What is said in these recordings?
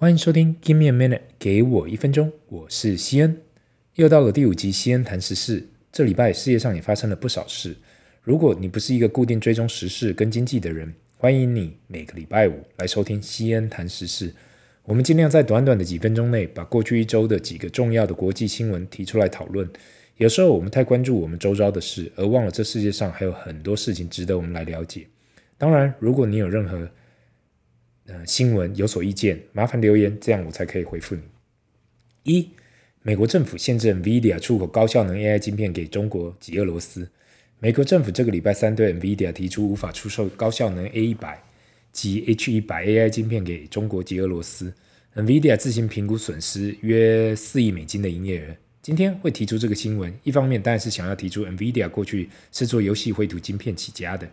歡迎收聽《Give Me a Minute》，給我一分鐘，我是西恩。又到了第五集，西恩談時事。這禮拜世界上也發生了不少事。如果你不是一個固定追蹤時事跟經濟的人，歡迎你每個禮拜五來收聽西恩談時事。我們盡量在短短的幾分鐘內，把過去一周的幾個重要的國際新聞提出來討論。有時候我們太關注我們周遭的事，而忘了這世界上還有很多事情值得我們來了解。當然，如果你有任何呃，新聞有所意見，麻煩留言，這樣我才可以回復你。一、嗯，美國政府限制 NVIDIA 出口高效能 AI 晶片給中國及俄羅斯。美國政府這個禮拜三對 NVIDIA 提出無法出售高效能 A 一百及 H 一百 AI 晶片給中國及俄羅斯。NVIDIA 自行評估損失約四億美金的營業額。今天會提出這個新聞，一方面當然是想要提出 NVIDIA 過去是做遊戲繪圖晶片起家的，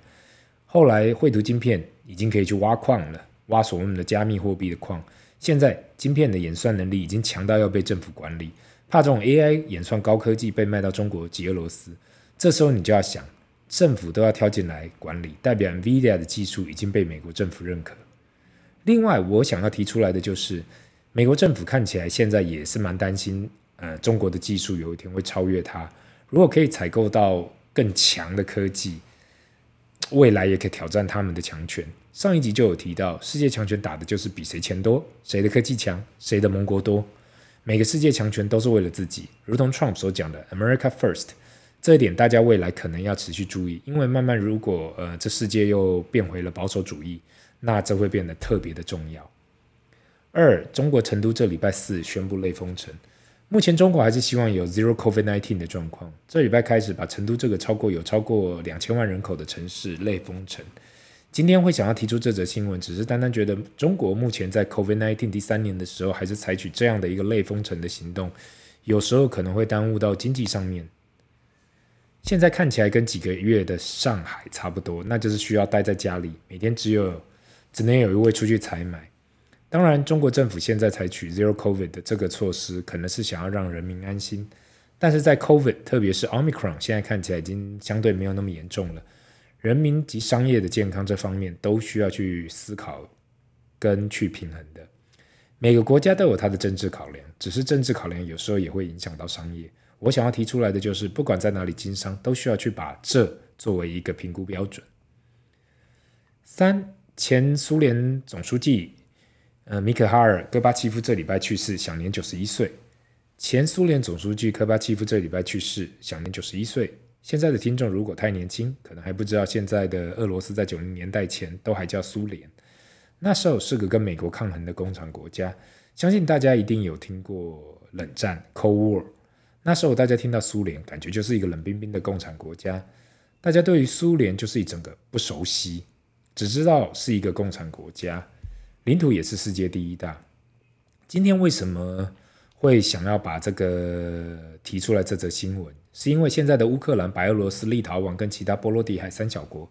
後來繪圖晶片已經可以去挖礦了。挖所謂的加密貨幣的礦，現在芯片的演算能力已經強到要被政府管理，怕這種 AI 演算高科技被賣到中國及俄羅斯。這時候你就要想，政府都要跳進來管理，代表 NVIDIA 的技術已經被美國政府認可。另外，我想要提出來的就是，美國政府看起來現在也是蠻擔心，呃，中國的技術有一天會超越它。如果可以採購到更強的科技。未來也可以挑戰他們的強權。上一集就有提到，世界強權打的就是比誰錢多，誰的科技強，誰的盟國多。每個世界強權都是為了自己，如同 Trump 所講的 “America First”。這一點大家未來可能要持續注意，因為慢慢如果呃這世界又變回了保守主義，那這會變得特別的重要。二，中國成都這禮拜四宣布類封城。目前中國還是希望有 Zero COVID nineteen 的狀況。這禮拜開始把成都這個超過有超過兩千萬人口的城市類封城。今天會想要提出這則新聞，只是單單覺得中國目前在 COVID nineteen 第三年的時候，還是採取這樣的一個類封城的行動，有時候可能會耽誤到經濟上面。現在看起來跟幾個月的上海差不多，那就是需要待在家裡，每天只有，只能有一位出去採買。當然，中國政府現在採取 Zero COVID 的這個措施，可能是想要讓人民安心。但是在 COVID，特別是 Omicron，現在看起來已經相對沒有那麼嚴重了。人民及商業的健康這方面都需要去思考跟去平衡的。每個國家都有它的政治考量，只是政治考量有時候也會影響到商業。我想要提出來的就是，不管在哪裡經商，都需要去把這作為一個評估標準。三，前蘇聯總書記。呃，米克哈爾·戈巴契夫這禮拜去世，享年九十一歲。前蘇聯總書記戈巴契夫這禮拜去世，享年九十一歲。現在的聽眾如果太年輕，可能還不知道現在的俄羅斯在九零年代前都還叫蘇聯。那時候是個跟美國抗衡的共產國家，相信大家一定有聽過冷戰 （Cold War）。那時候大家聽到蘇聯，感覺就是一個冷冰冰的共產國家。大家對於蘇聯就是一整個不熟悉，只知道是一個共產國家。領土也是世界第一大。今天為什麼會想要把這個提出來？這則新聞是因為現在的烏克蘭、白俄羅斯、立陶宛跟其他波羅的海三小國，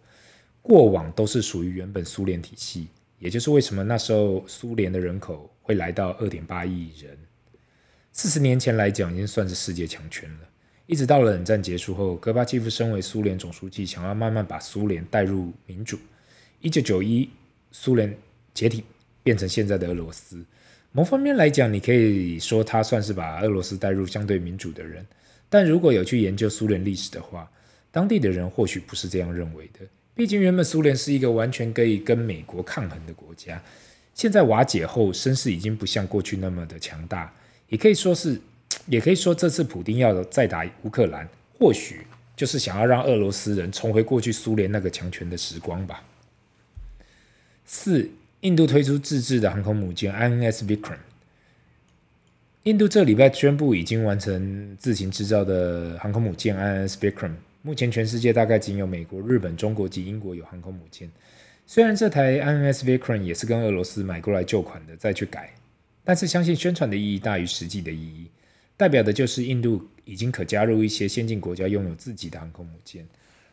過往都是屬於原本蘇聯體系，也就是為什麼那時候蘇聯的人口會來到二點八億人。四十年前來講，已經算是世界強權了。一直到了冷戰結束後，戈巴契夫身為蘇聯總書記，想要慢慢把蘇聯帶入民主。一九九一，蘇聯解體。變成現在的俄羅斯，某方面來講，你可以說他算是把俄羅斯帶入相對民主的人，但如果有去研究蘇聯歷史的話，當地的人或許不是這樣認為的。畢竟原本蘇聯是一個完全可以跟美國抗衡的國家，現在瓦解後，聲勢已經不像過去那麼的強大。也可以說是，也可以說這次普丁要再打烏克蘭，或許就是想要讓俄羅斯人重回過去蘇聯那個強權的時光吧。四。印度推出自製的航空母艦 INS Vikram。印度這禮拜宣布已經完成自行制造的航空母艦 INS Vikram。目前全世界大概僅有美國、日本、中國及英國有航空母艦。雖然這台 INS Vikram 也是跟俄羅斯買過來舊款的再去改，但是相信宣傳的意義大於實際的意義。代表的就是印度已經可加入一些先進國家擁有自己的航空母艦，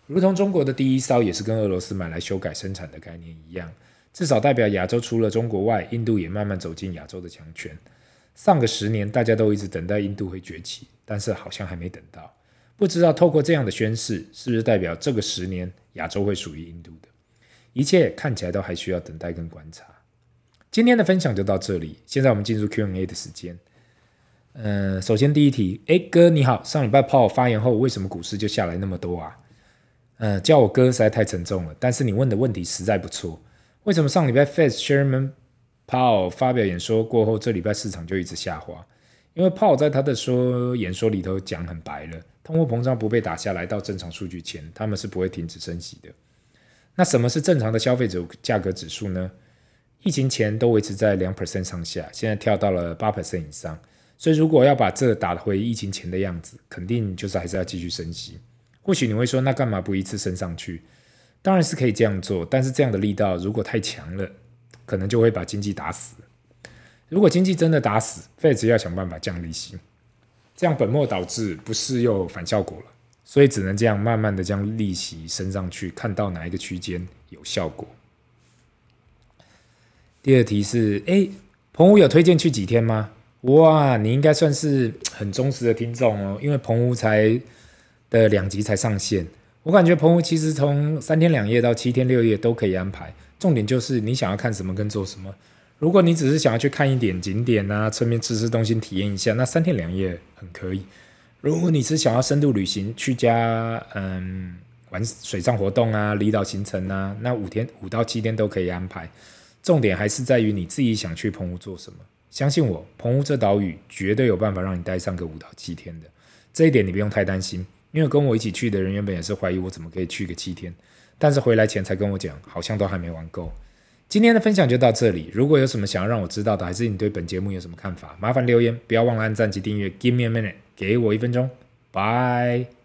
如同中國的第一艘也是跟俄羅斯買來修改生產的概念一樣。至少代表亞洲除了中國外，印度也慢慢走進亞洲的強權。上個十年，大家都一直等待印度會崛起，但是好像還沒等到。不知道透過這樣的宣示，是不是代表這個十年亞洲會屬於印度的？一切看起來都還需要等待跟觀察。今天的分享就到這裡，現在我們進入 Q&A 的時間。嗯、呃，首先第一題，哎、欸、哥你好，上禮拜鮑威爾發言後，為什麼股市就下來那麼多啊？嗯、呃，叫我哥實在太沉重了，但是你問的問題實在不錯。為什麼上禮拜 Fed Chairman Powell 發表演說過後，這禮拜市場就一直下滑？因為 Powell 在他的說演說裡頭講得很白了，通貨膨脹不被打下來到正常數據前，他們是不會停止升息的。那什麼是正常的消費者價格指數呢？疫情前都維持在兩 percent 上下，現在跳到了八 percent 以上。所以如果要把這打回疫情前的樣子，肯定就是還是要繼續升息。或許你會說，那幹嘛不一次升上去？當然是可以這樣做，但是這樣的力道如果太強了，可能就會把經濟打死。如果經濟真的打死，Fed 是要想辦法降利息，這樣本末倒置，不是又反效果了？所以只能這樣慢慢的將利息升上去，看到哪一個區間有效果。第二題是，哎，澎湖有推薦去幾天嗎？哇，你應該算是很忠實的聽眾哦，因為澎湖才的兩集才上線。我感覺澎湖其實從三天兩夜到七天六夜都可以安排，重點就是你想要看什麼跟做什麼。如果你只是想要去看一點景點啊，順便吃吃東西體驗一下，那三天兩夜很可以。如果你是想要深度旅行，去加，嗯，玩水上活動啊、離島行程啊，那五天，五到七天都可以安排。重點還是在於你自己想去澎湖做什麼。相信我，澎湖這島嶼絕對有辦法讓你待上個五到七天的，這一點你不用太擔心。因為跟我一起去的人原本也是懷疑我怎麼可以去個七天，但是回來前才跟我講，好像都還沒玩夠。今天的分享就到這裡，如果有什麼想要讓我知道的，還是你對本節目有什麼看法，麻煩留言，不要忘了按讚及訂閱。Give me a minute，給我一分鐘，Bye。